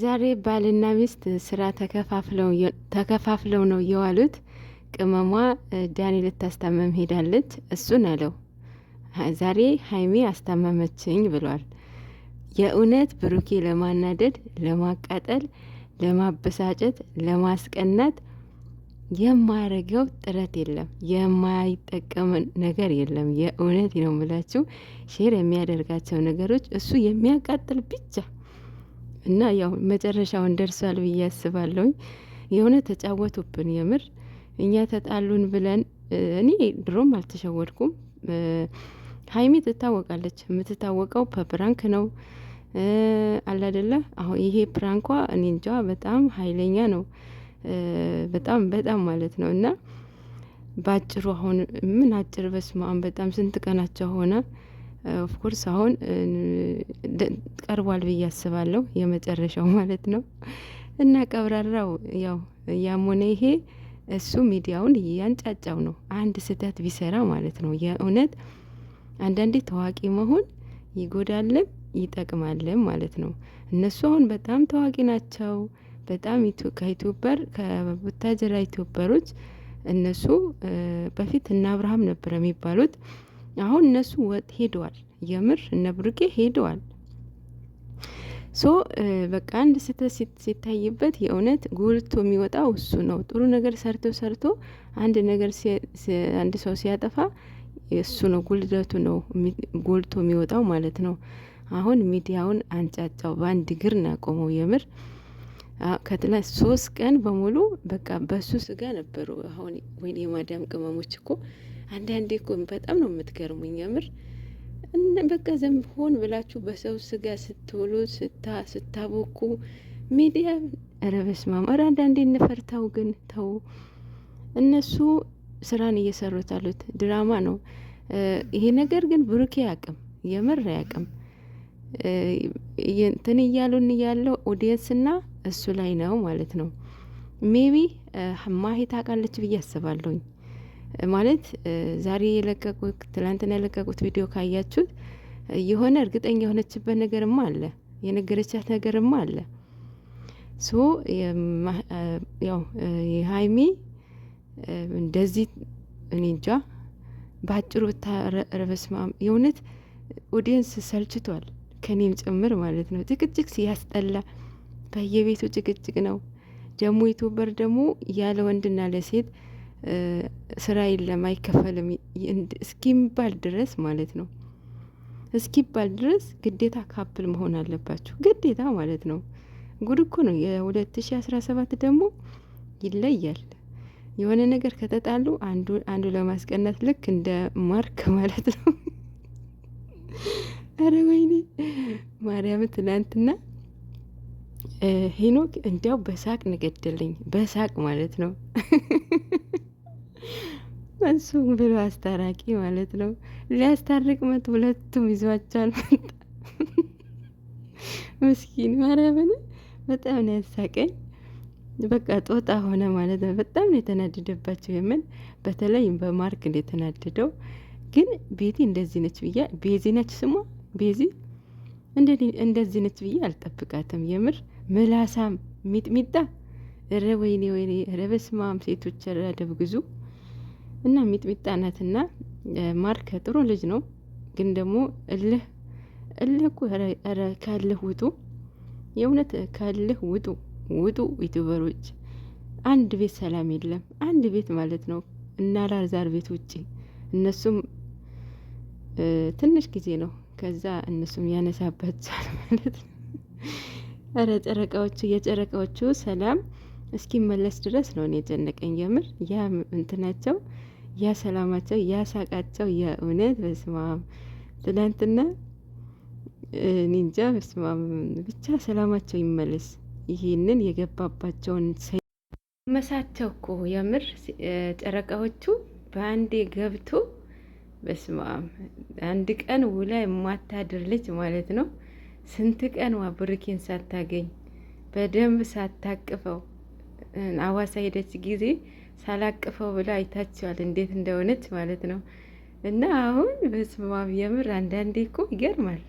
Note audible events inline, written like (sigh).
ዛሬ ባልና ሚስት ስራ ተከፋፍለው ነው የዋሉት። ቅመሟ ዳኒ ልታስታመም ሄዳለች። እሱን አለው ዛሬ ሀይሜ አስታመመችኝ ብሏል። የእውነት ብሩኬ ለማናደድ፣ ለማቃጠል፣ ለማበሳጨት፣ ለማስቀናት የማያደርገው ጥረት የለም፣ የማይጠቀም ነገር የለም። የእውነት ነው የምላችሁ ሼር የሚያደርጋቸው ነገሮች እሱ የሚያቃጥል ብቻ እና ያው መጨረሻውን ደርሷል ብዬ አስባለሁኝ። የሆነ ተጫወቱብን። የምር እኛ ተጣሉን ብለን እኔ ድሮም አልተሸወድኩም። ሀይሚ ትታወቃለች። የምትታወቀው በፕራንክ ነው አላደለ። አሁን ይሄ ፕራንኳ እኔ እንጃ በጣም ኃይለኛ ነው። በጣም በጣም ማለት ነው እና በአጭሩ አሁን ምን አጭር በስማም በጣም ስንት ቀናቸው ሆነ ኦፍኮርስ አሁን ቀርቧል ብዬ አስባለሁ፣ የመጨረሻው ማለት ነው። እና ቀብራራው ያው ያሞነ ይሄ እሱ ሚዲያውን እያንጫጫው ነው። አንድ ስህተት ቢሰራ ማለት ነው። የእውነት አንዳንዴ ታዋቂ መሆን ይጎዳልም ይጠቅማልም ማለት ነው። እነሱ አሁን በጣም ታዋቂ ናቸው። በጣም ከዩቱበር ከቡታጀራ ዩቱበሮች እነሱ በፊት እና አብርሃም ነበር የሚባሉት አሁን እነሱ ወጥ ሄደዋል። የምር እነ ብሩኬ ሄደዋል። ሶ በቃ አንድ ስህተት ሲታይበት የእውነት ጎልቶ የሚወጣው እሱ ነው። ጥሩ ነገር ሰርቶ ሰርቶ አንድ ነገር አንድ ሰው ሲያጠፋ እሱ ነው ጉልደቱ ነው ጎልቶ የሚወጣው ማለት ነው። አሁን ሚዲያውን አንጫጫው፣ በአንድ እግር ናቆመው የምር ከትላንት ሶስት ቀን በሙሉ በቃ በሱ ስጋ ነበሩ። አሁን ወይኔ የማዳም ቅመሞች እኮ አንዳንዴ እኮ በጣም ነው የምትገርሙኝ የምር በቃ ዘም ሆን ብላችሁ በሰው ስጋ ስትውሉ ስታ ስታቦኩ ሚዲያ ኧረ በስመ አብ! ኧረ አንዳንዴ እንፈርታው ግን ተው። እነሱ ስራን እየሰሩት አሉት ድራማ ነው ይሄ ነገር። ግን ብሩኬ ያቅም የምር ያቅም እንትን እያሉን ያለው ና እሱ ላይ ነው ማለት ነው። ሜቢ ማሄ ታውቃለች ብዬ አስባለሁኝ። ማለት ዛሬ የለቀቁት ትላንትና የለቀቁት ቪዲዮ ካያችሁት የሆነ እርግጠኛ የሆነችበት ነገርማ አለ፣ የነገረቻት ነገርማ አለ። ሶ ያው የሀይሚ እንደዚህ እኔ እንጃ በአጭሩ ብታረበስማም የእውነት ኦዲየንስ ሰልችቷል፣ ከኔም ጭምር ማለት ነው። ጭቅጭቅ ሲያስጠላ በየቤቱ ጭቅጭቅ ነው። ደግሞ ዩቱበር ደግሞ ያለ ወንድና ለሴት ስራ የለም አይከፈልም እስኪባል ድረስ ማለት ነው እስኪባል ድረስ ግዴታ ካፕል መሆን አለባችሁ ግዴታ ማለት ነው። ጉድ እኮ ነው። የ2017 ደግሞ ይለያል። የሆነ ነገር ከተጣሉ አንዱ አንዱ ለማስቀናት ልክ እንደ ማርክ ማለት ነው። (laughs) አረ ወይኔ ማርያም ትናንትና ሄኖክ እንዲያው በሳቅ ንገድልኝ በሳቅ ማለት ነው። እሱም ብሎ አስታራቂ ማለት ነው። ሊያስታርቅ መት ሁለቱም ይዟቸዋል። ምስኪን ማርያምን በጣም ነው ያሳቀኝ። በቃ ጦጣ ሆነ ማለት ነው። በጣም ነው የተናደደባቸው። የምን በተለይ በማርክ እንደተናደደው ግን ቤቲ እንደዚህ ነች ብያ ቤዚ ነች ስሟ ቤዚ እንደዚህ ነች ብዬ አልጠብቃትም። የምር ምላሳም ሚጥሚጣ፣ ረ ወይኔ ወይኔ፣ ረ በስማም ሴቶች ረደብ ግዙ እና ሚጥሚጣ ናትና ማርከ ጥሩ ልጅ ነው፣ ግን ደግሞ እልህ እልህ እኮ ረ ካለህ ውጡ፣ የእውነት ካለህ ውጡ ውጡ። ዩቱበሮች አንድ ቤት ሰላም የለም። አንድ ቤት ማለት ነው እና ላርዛር ቤት ውጪ እነሱም ትንሽ ጊዜ ነው ከዛ እነሱም ያነሳበታል ማለት ነው። ኧረ ጨረቃዎቹ የጨረቃዎቹ ሰላም እስኪመለስ ድረስ ነው እኔ የጨነቀኝ የምር ያ እንትናቸው ያ ሰላማቸው ያ ሳቃቸው የእውነት በስማም ትላንትና ኒንጃ በስማም ብቻ ሰላማቸው ይመለስ። ይህንን የገባባቸውን መሳቸው እኮ የምር ጨረቃዎቹ በአንዴ ገብቶ በስመ አብ አንድ ቀን ውላ የማታድር ልጅ ማለት ነው። ስንት ቀን ዋ ብሩኬን ሳታገኝ በደንብ ሳታቅፈው አዋሳ ሄደች ጊዜ ሳላቅፈው ብላ አይታችኋል፣ እንዴት እንደሆነች ማለት ነው። እና አሁን በስመ አብ የምር አንዳንዴ እኮ ይገርማል።